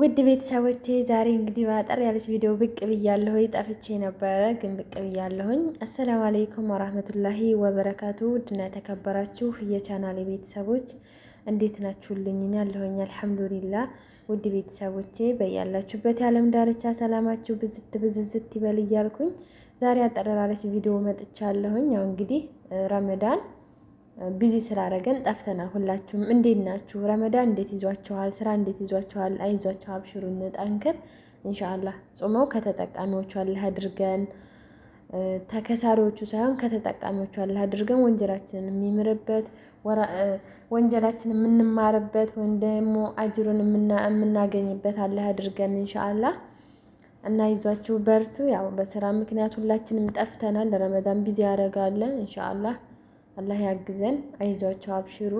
ውድ ቤተሰቦቼ ዛሬ እንግዲህ ባጠር ያለች ቪዲዮ ብቅ ብያለሁ። ጠፍቼ ነበረ ግን ብቅ ብያለሁኝ። አሰላሙ አለይኩም ወራህመቱላሂ ወበረካቱ። ውድና የተከበራችሁ የቻናሌ ቤተሰቦች እንዴት ናችሁልኝ? ያለሁኝ አልሐምዱሊላ። ውድ ቤተሰቦቼ በያላችሁበት የዓለም ዳርቻ ሰላማችሁ ብዝት ብዝዝት ይበል እያልኩኝ ዛሬ አጠር ያለች ቪዲዮ መጥቻለሁኝ። ያው እንግዲህ ረመዳን ቢዚ ስላደረገን ጠፍተናል። ሁላችሁም እንዴት ናችሁ? ረመዳን እንዴት ይዟችኋል? ስራ እንዴት ይዟችኋል? አይዟችሁ፣ አብሽሩ፣ እንጠንክር። ኢንሻአላህ ጾመው ከተጠቃሚዎቹ አላህ አድርገን ተከሳሪዎቹ ሳይሆን ከተጠቃሚዎቹ አላህ አድርገን ወንጀላችንን የሚምርበት ወንጀላችንን የምንማርበት ወይም ደግሞ አጅሩን የምናገኝበት አላህ አድርገን ኢንሻአላህ። እና ይዟችሁ በርቱ። ያው በስራ ምክንያት ሁላችንም ጠፍተናል። ረመዳን ቢዚ ያደርጋል። ኢንሻአላህ አላህ ያግዘን። አይዟቸው፣ አብሽሩ።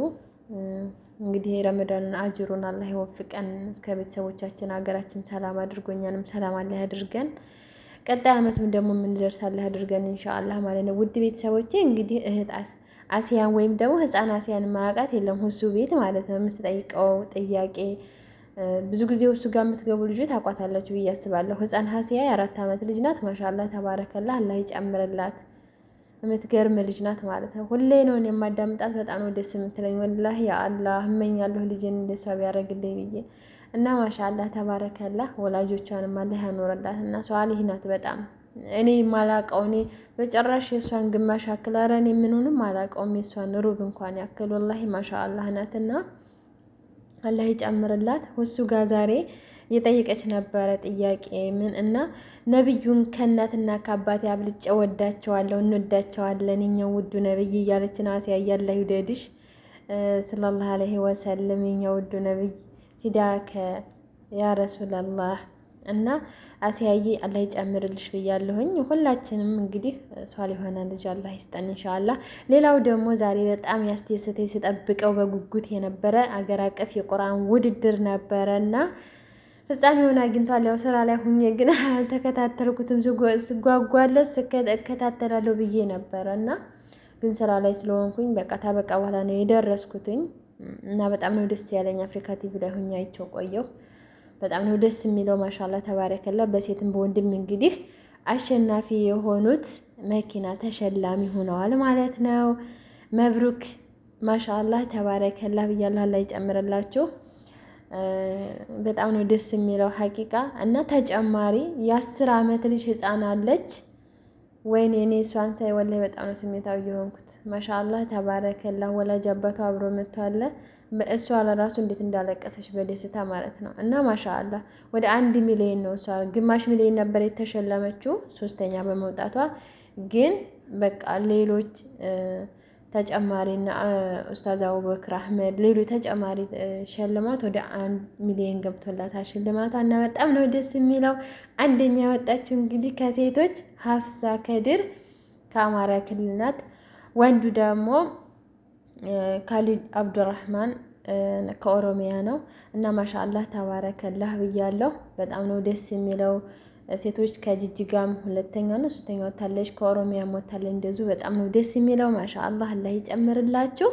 እንግዲህ ረመዳንን አጅሩን አላህ ይወፍቀን። እስከ ቤተሰቦቻችን ሀገራችን ሰላም አድርጎ እኛንም ሰላም አላህ ያድርገን። ቀጣይ አመትም ደግሞ የምንደርስ አላህ ያድርገን ኢንሻአላህ ማለት ነው። ውድ ቤተሰቦቼ እንግዲህ እህት አሲያን ወይም ደግሞ ህፃን አሲያን ማያውቃት የለም ሁሱ ቤት ማለት ነው። የምትጠይቀው ጥያቄ ብዙ ጊዜ እሱ ጋር የምትገቡ ልጆች ታቋታላችሁ ብዬ አስባለሁ። ህፃን ሀሲያ የአራት ዓመት ልጅ ናት። ማሻላ ተባረከላ አላህ ይጨምርላት። የምትገርም ልጅ ናት ማለት ነው። ሁሌ ነው የማዳምጣት በጣም ነው ደስ የምትለኝ። ወላሂ የአላህ እመኛለሁ ልጄን እንደሷ ቢያደርግልኝ ብዬ እና ማሻአላህ ተባረከላህ። ወላጆቿንም አላህ ያኖረላት እና ሷሊህ ናት በጣም እኔ ማላቀው እኔ በጨራሽ የእሷን ግማሽ ያክል ኧረ እኔ ምኑንም አላቀውም የእሷን ሩብ እንኳን ያክል ወላሂ ማሻአላህ ናትና አላህ ይጨምርላት። ወሱ ጋር ዛሬ የጠየቀች ነበረ ጥያቄ ምን እና ነብዩን ከእናትና ከአባቴ አብልጬ ወዳቸዋለሁ እንወዳቸዋለን የኛው ውዱ ነብይ እያለች ናት ያያላ ይውደድሽ ሰለላሁ ዐለይሂ ወሰለም የኛ ውዱ ነብይ ሂዳከ ያ ረሱላላህ እና አስያዬ አላህ ይጨምርልሽ ብያለሁኝ። ሁላችንም እንግዲህ ሷል የሆነ ልጅ አላህ ይስጠን እንሻላ። ሌላው ደግሞ ዛሬ በጣም ያስደሰተኝ ስጠብቀው በጉጉት የነበረ አገር አቀፍ የቁርአን ውድድር ነበረ እና ፍጻሜውን አግኝቷል። ያው ስራ ላይ ሁኜ ግን አልተከታተልኩትም። ስጓጓለት እከታተላለሁ ብዬ ነበረ እና ግን ስራ ላይ ስለሆንኩኝ በቃ ታበቃ በኋላ ነው የደረስኩትኝ እና በጣም ነው ደስ ያለኝ። አፍሪካ ቲቪ ላይ ሁኜ አይቼው ቆየሁ። በጣም ነው ደስ የሚለው። ማሻላ ተባረከላ። በሴትም በወንድም እንግዲህ አሸናፊ የሆኑት መኪና ተሸላሚ ሆነዋል ማለት ነው። መብሩክ ማሻላ ተባረከላ ብያለሁ። አላህ ይጨምርላችሁ። በጣም ነው ደስ የሚለው ሀቂቃ እና ተጨማሪ የአስር አመት ልጅ ህፃን አለች። ወይኔ እኔ እሷን ሳይ ወላሂ በጣም ነው ስሜታዊ የሆንኩት። ማሻላ ተባረከላ ወላጅ አባቷ አብሮ መጥቶ አለ። እሷ ለራሱ እንዴት እንዳለቀሰች በደስታ ማለት ነው። እና ማሻአላህ ወደ አንድ ሚሊዮን ነው እሷ ግማሽ ሚሊዮን ነበር የተሸለመችው ሶስተኛ በመውጣቷ ግን በቃ ሌሎች ተጨማሪና ኡስታዝ አቡበክር አህመድ ሌሎች ተጨማሪ ሽልማት ወደ አንድ ሚሊዮን ገብቶላታል። እና በጣም ነው ደስ የሚለው። አንደኛ የወጣችው እንግዲህ ከሴቶች ሀፍሳ ከድር ከአማራ ክልል ናት። ወንዱ ደግሞ ካሊድ አብዱራህማን ከኦሮሚያ ነው እና ማሻአላህ ተባረከላህ ብያለሁ። በጣም ነው ደስ የሚለው። ሴቶች ከጅጅጋም ሁለተኛው ነው ሶስተኛ ወታለች፣ ከኦሮሚያም ወታለች። እንደዚሁ በጣም ነው ደስ የሚለው። ማሻአላ አላህ ይጨምርላችሁ።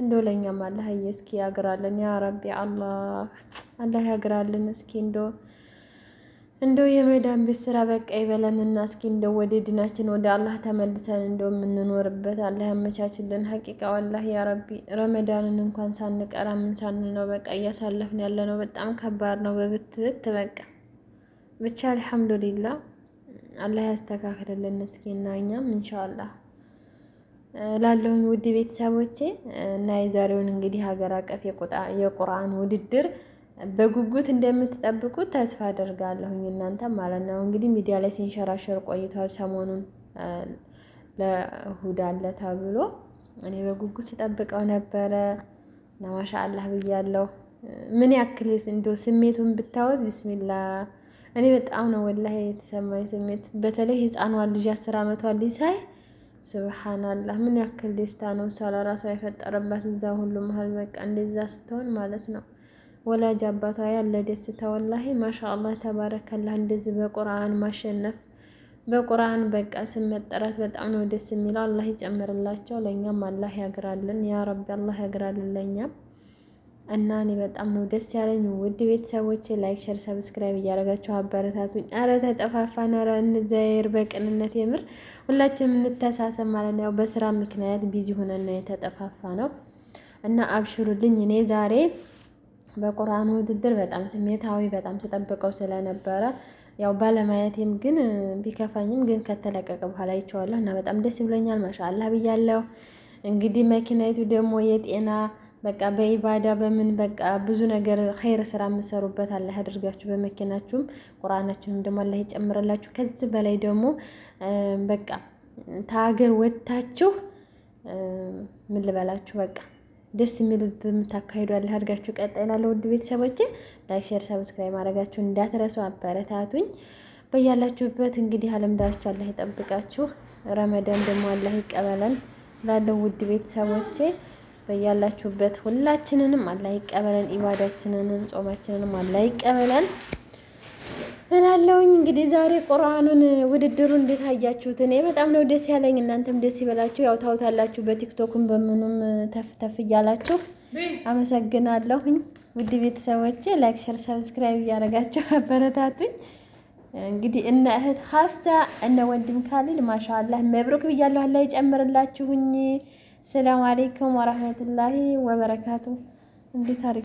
እንደው ለኛም አላህ እስኪ ያግራልን፣ ያ ረቢ አላህ አላህ ያግራልን። እስኪ እንደው እንደው የመዳን ቤት ስራ በቃ ይበለንና እስኪ እንደው ወደ ድናችን ወደ አላህ ተመልሰን እንደው የምንኖርበት አላህ ያመቻችልን። ሀቂቃ ወላሂ ያ ረቢ ረመዳንን እንኳን ሳንቀራ ምን ሳንል ነው በቃ እያሳለፍን ያለ ነው። በጣም ከባድ ነው በብትት በቃ ብቻ አልሐምዱሊላ አላህ ያስተካክልልን። እስኪና እኛም እንሻአላህ ላለውኝ ውድ ቤተሰቦቼ እና የዛሬውን እንግዲህ ሀገር አቀፍ የቁርአን ውድድር በጉጉት እንደምትጠብቁት ተስፋ አደርጋለሁኝ እናንተ ማለት ነው። እንግዲህ ሚዲያ ላይ ሲንሸራሸር ቆይቷል። ሰሞኑን ለእሁድ አለ ተብሎ እኔ በጉጉት ስጠብቀው ነበረ እና ማሻአላህ ብያለሁ። ምን ያክል እንደ ስሜቱን ብታወት ቢስሚላህ እኔ በጣም ነው ወላሂ የተሰማኝ ስሜት። በተለይ ህፃኗ ልጅ አስር ዓመቷ ልጅ ሳይ ሱብሓናላህ ምን ያክል ደስታ ነው እሷ ለራሷ የፈጠረባት እዛ ሁሉ መሀል በቃ እንደዛ ስትሆን ማለት ነው። ወላጅ አባቷ ያለ ደስታ ወላሂ ማሻአላህ ተባረከላህ። እንደዚህ በቁርአን ማሸነፍ በቁርአን በቃ ስም መጠራት በጣም ነው ደስ የሚለው። አላህ ይጨምርላቸው፣ ለእኛም አላህ ያግራልን። ያ ረቢ አላህ ያግራልን ለእኛም እና እኔ በጣም ነው ደስ ያለኝ። ውድ ቤተሰቦች ላይክ፣ ሸር፣ ሰብስክራይብ እያደረጋችሁ አበረታቱኝ። አረ ተጠፋፋን፣ አረ እንዘይር በቅንነት የምር ሁላችንም እንተሳሰብ ማለት ነው። በስራ ምክንያት ቢዚ ሆነን ነው የተጠፋፋ ነው እና አብሽሩልኝ። እኔ ዛሬ በቁርአን ውድድር በጣም ስሜታዊ በጣም ተጠብቀው ስለነበረ ያው ባለማየቴም ግን ቢከፋኝም ግን ከተለቀቀ በኋላ አይቼዋለሁ እና በጣም ደስ ብሎኛል። ማሻአላ ብያለሁ። እንግዲህ መኪናይቱ ደግሞ የጤና በቃ በኢባዳ በምን በቃ ብዙ ነገር ኸይር ስራ የምሰሩበት አላህ አድርጋችሁ በመኪናችሁም ቁርአናችሁንም ደግሞ አላህ ይጨምርላችሁ። ከዚህ በላይ ደግሞ በቃ ተሀገር ወጥታችሁ ምን ልበላችሁ በቃ ደስ የሚሉ የምታካሂዱ አላህ አድርጋችሁ። ቀጣይ ላለ ውድ ቤተሰቦቼ ላይክ፣ ሼር፣ ሰብስክራይብ ማድረጋችሁ እንዳትረሱ። አበረታቱኝ። በያላችሁበት እንግዲህ አለም ዳርቻ አላህ ይጠብቃችሁ። ረመዳን ደግሞ አላህ ይቀበለን። ላለው ውድ ቤተሰቦቼ በያላችሁበት ሁላችንንም አላህ ይቀበለን፣ ኢባዳችንንም ጾማችንንም አላህ ይቀበለን እላለሁኝ። እንግዲህ ዛሬ ቁርአኑን ውድድሩ እንዴት አያችሁት? እኔ በጣም ነው ደስ ያለኝ፣ እናንተም ደስ ይበላችሁ። ያው ታውታላችሁ፣ በቲክቶክም በምኑም ተፍተፍ እያላችሁ አመሰግናለሁኝ። ውድ ቤተሰቦቼ ላይክ፣ ሸር፣ ሰብስክራይብ እያደረጋችሁ አበረታቱኝ። እንግዲህ እነ እህት ሀፍዛ እነ ወንድም ካሊል ማሻአላህ መብሩክ ብያለሁ። አላህ ይጨምርላችሁኝ። ሰላም አሌይኩም ወረህመቱላሂ ወበረካቱ። እንዴት አድርገ